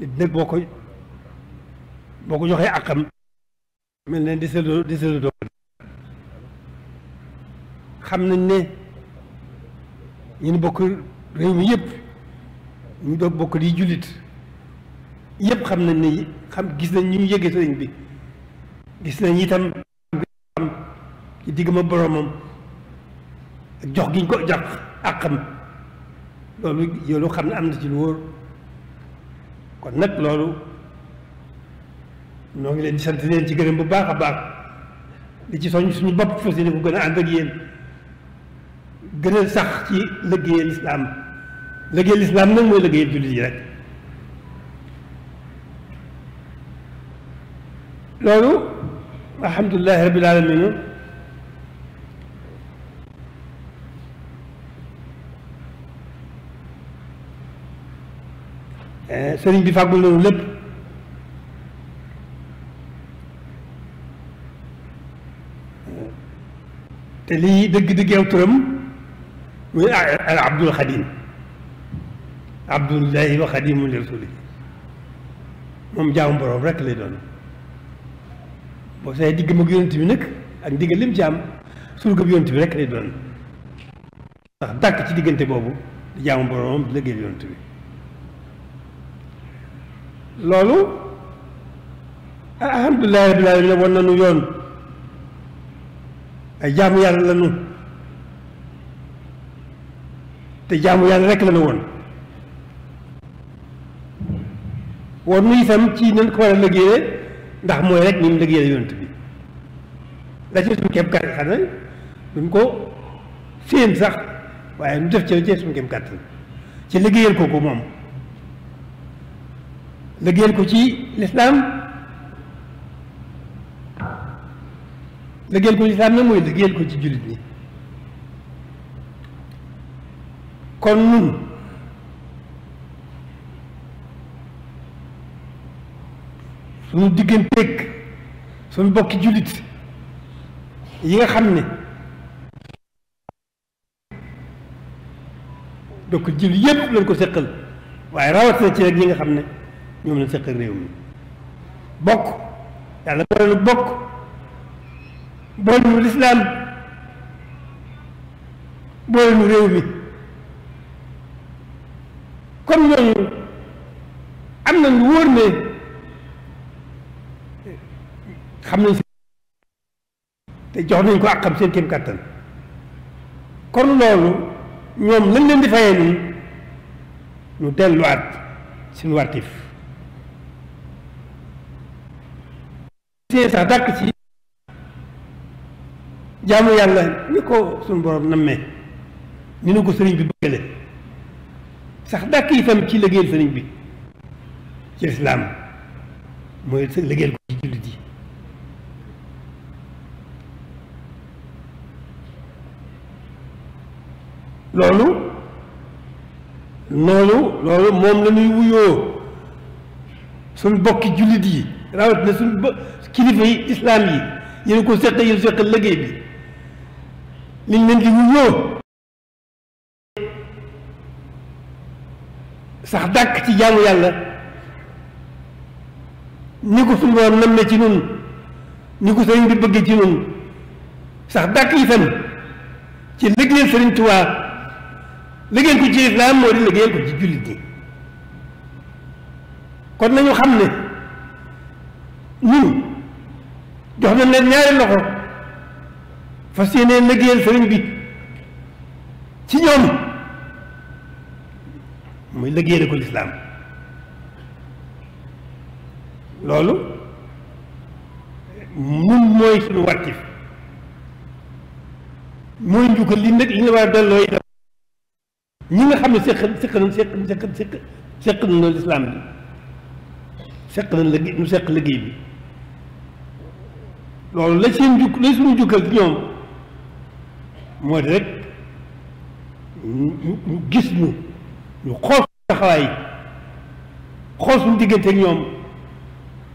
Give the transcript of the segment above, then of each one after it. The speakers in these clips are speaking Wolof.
nit nag boo ko boo ko joxee àqam mel ne di sa di sa doom xam nañ ne ñu bokk réew mi yëpp ñu doon bokk di jullit yépp xam nañ ne xam gis nañ ñu mu yëgee bi gis nañ itam ci digg ma boromam jox giñ ko jàpp àqam loolu yoolu xam ne am na ci lu wóor kon nag loolu noo ngi leen di sant leen ci gërëm bu baax a baax di ci soñ suñu bopp fas yéene ko gën a ànd ak a sax ci liggéeyal lislaam liggéeyal lislaam nag mooy liggéeyal jullit yi rek loolu alhamdulilahi rabbil alamina Eh, sëriñ bi fàggul loolu lépp te lii dëgg-dëggeew turam muy al abdul xadim abdullahi wa xadimu li rasuli moom jaamu boroom rek lay doon boo see digg mag yonent bi nag ak digga lim ci am surga bi yonent bi rek lay doon ndax dàkk ci diggante boobu di jaamu boroomam di liggéeyal bi loolu alhamdulilahi rabbil alamin wan nanu yoon ay jaamu yàlla la nu te jaamu yàlla rek la nu woon woon nu itam ci nan ko war a liggéeyee ndax mooy rek ni mu liggéeyee yonent bi la ci suñu kéem kàttan xanaa duñ ko féem sax waaye nu def ci la ci suñu kéem kàttan ci liggéeyal kooku moom lëggéeyal ko ci lislaam lëggéeyal ko ci lislaam nag mooy lëggéeyal ko ci jullit ñi kon nun suñu digganteeg suñu bokki jullit yi nga xam ni donc jullit yépp lañ ko seqal waaye rawatina ci rek ñi nga xam ne ñoom lañ seqal réew mi bokk yàlla boole nu bokk boole nu lislaam boole nu réew mi comme am nañ lu wóor xam nañ si te jox nañ ko ak xam seen kéem kàttan kon loolu ñoom lañ leen di fayee nii ñu delluwaat suñu see sax dàkk ci jaamu yàlla ni ko suñu borom nammee ni ko sëriñ bi bëggale sax dàkk itam ci liggéeyal sëriñ bi ci lislaam mooy liggéeyal ko ci jullit yi loolu noonu loolu moom la wuyoo suñ bokki jullit yi rawat na suñ ba kilifa yi islaam yi yéen ko seq yéen seq liggéey liñ leen di wuyoo sax dàkk ci jaamu yàlla ni ko suñu borom ci nun ni ko sëriñ bi bëgg ci nun sax dàkk itam ci liggéeyal sëriñ Tuubaa liggéeyal ko ci islaam moo di liggéeyal ko ci jullit ñi kon nañu xam ne ñun jox nañ leen ñaari loxo fas yéeneen liggéeyal sëriñ bi ci ñoom muy liggéeyal ko lislaam loolu mun mooy suñu wàccif mooy njukkal li nag li ñu war a delloo itam ñi nga xam ne seq seq nañ seq seq seq seq nañ seq nañ liggéey nu seq liggéey bi loolu la seen jukk la suñu jukkal ci ñoom moo de rek ñu gis ñu ñu xool taxawaay xool suñu ñoom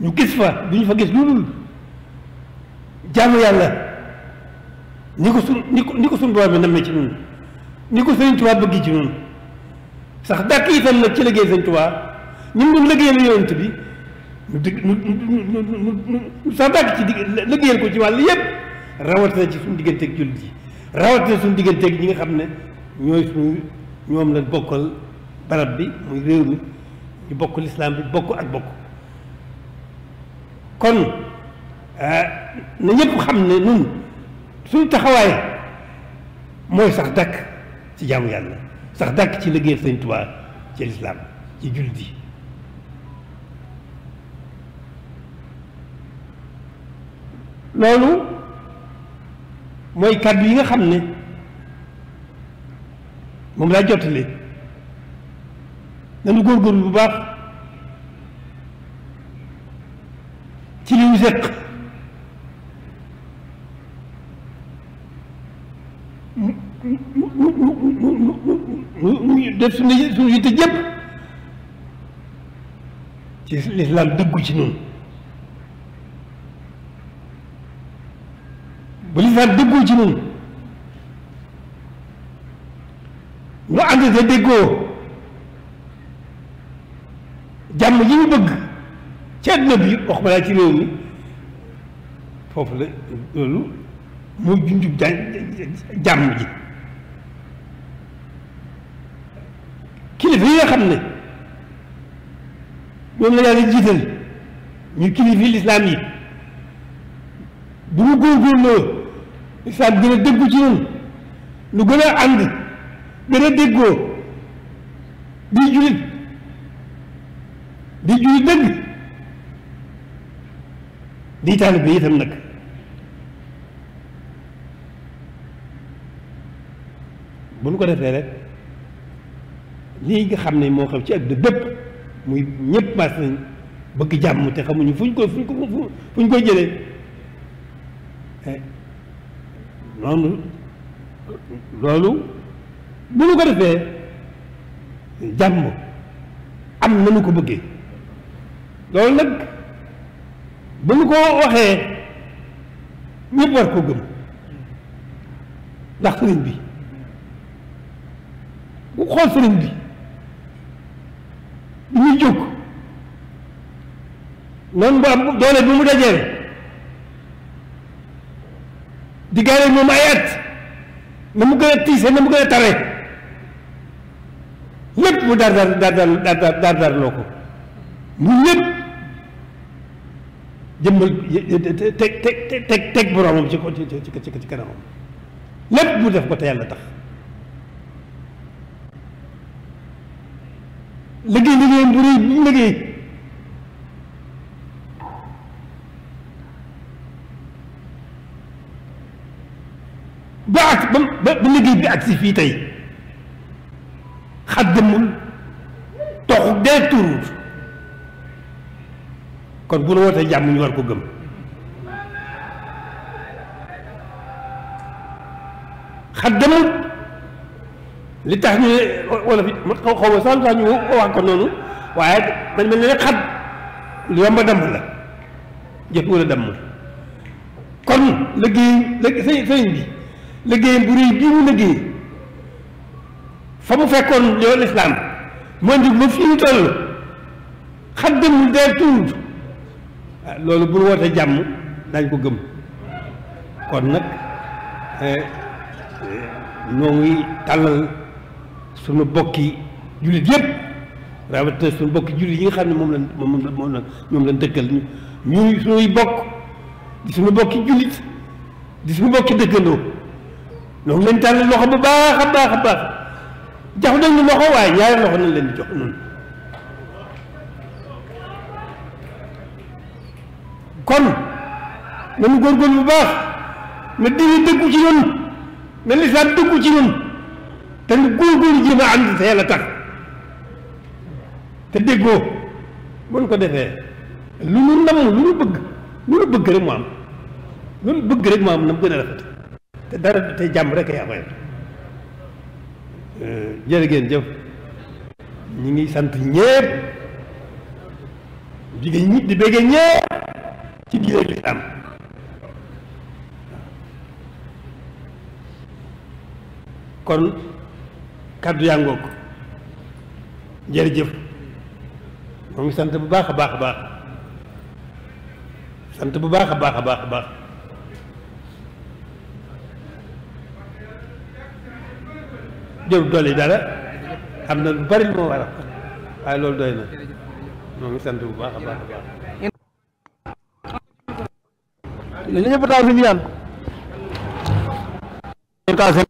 ñu gis fa du ñu fa gis lu dul jaamu yàlla ni ko suñ ni ko su ko suñu borom bi ci ñun ni ko Sëriñ Tuubaa bëgg ci ñun sax dàkk itam nag ci liggéey Sëriñ Tuubaa ñun doon liggéeyal yonent bi nu digg nu nu sax dàgg ci digg liggéeyal ko ci wàll yépp rawatina ci suñu digganteeg jullit yi rawatina suñu digganteeg ñi nga xam ne ñooy suñu ñoom la bokkal barab bi muy réew mi ñu bokk lislaam bi bokk ak bokk kon ah, na ñëpp xam ne nun suñu taxawaay mooy sax dàkk ci jaamu yàlla sax dàkk ci liggéeyal Sëñ Tuubaa ci lislaam ci jullit yi loolu mooy kàddu yi nga xam ne moom laa jottali góor góor bu baax ci li ñu séq mu def suñu suñu yitte jëpp ci lislaam dëggu ci noonu bu lisaan déggoo ci moom ñu ànd te déggoo jàmm yi ñu bëgg ci àdduna bi wax balaa ci réew mi foofu la loolu mooy junjub jàmm ji kilifa yi nga xam ne ñoom la yàlla jiital ñu kilifi lislaam yi bu ñu góorgóorloo islam gën a dëggu ci ñun nu gën a ànd gën a déggoo di julit di julit dëgg di taalibe bi itam nag bu nu ko defee rek lii nga xam ne moo xam ci àdduna bépp muy ñëpp mas nañ bëgg jàmm te xamuñu fu ñu ko fu ñu ko fu ñu ko jëlee eh, loolu loolu bu ñu ko defee jàmm am na ko bëggee loolu nag bu ñu ko waxee ñëpp war ko gëm ndax sëriñ bi bu xool bi bu ñuy jóg noonu bu am doole bi mu dajee di gaare moom ay na mu gën a tiise na mu gën a tare lépp mu dar dar dar dar ko mu lépp jëmbal teg teg teg teg boromam ci ko ci ci ci kanamam lépp mu def ko te yàlla tax liggéey liggéeyam bu rëy ba ak ba ba liggéey bi ak si fii tey xaddamul toxu dee turuut kon bu la wootee jàmm ñu war ko gëm xaddamul li tax ñu ne wala fi xaw xaw wax ko noonu waaye dañ mel ne xat lu yomb a la jot wala dammul kon liggéey sëriñ bi liggéeyam bu réy bii mu liggéey fa mu fekkoon yoonu lislaam moo njëg ba fii ñu toll xaddamul dee tuut ah, loolu bu nu jàmm dañ ko gëm kon nag ñoo eh, eh, ngi tàllal sunu bokki jullit yépp rawatina sunu bokki jullit yi nga xam ne moom lañ moom la moom la ñoom lañ dëkkal ñu ñuy sunuy bokk di sunu bokki jullit di sunu bokki dëkkandoo ñoom lañ tàllal loxo bu baax a baax a baax jox nañu loxo waaye ñaari loxo nañ leen di jox noonu kon nañu góorgóorlu bu baax na diine dëggu ci ñun na lislaam dëggu ci ñun te ñu góorgóorlu jéem a ànd te yàlla tax ko defee lu ñu nam lu ñu bëgg lu ñu bëgg mu am lu ñu bëgg rek mu am na mu te dara te jàmm rek yaa koy euh, jërë ngeen jëf ñi ngi sant ñépp jigéen ñi di bëggee ñépp ci diine lislaam kon kàddu yaa ngoog jërëjëf moo ngi sant bu baax a baax a baax sant bu baax a baax a baax a baax jël dolli dara am na lu bari lu ma war a loolu doy na moo ngi sant bu baax a baax a baax. li ñëpp taal suñu yaan.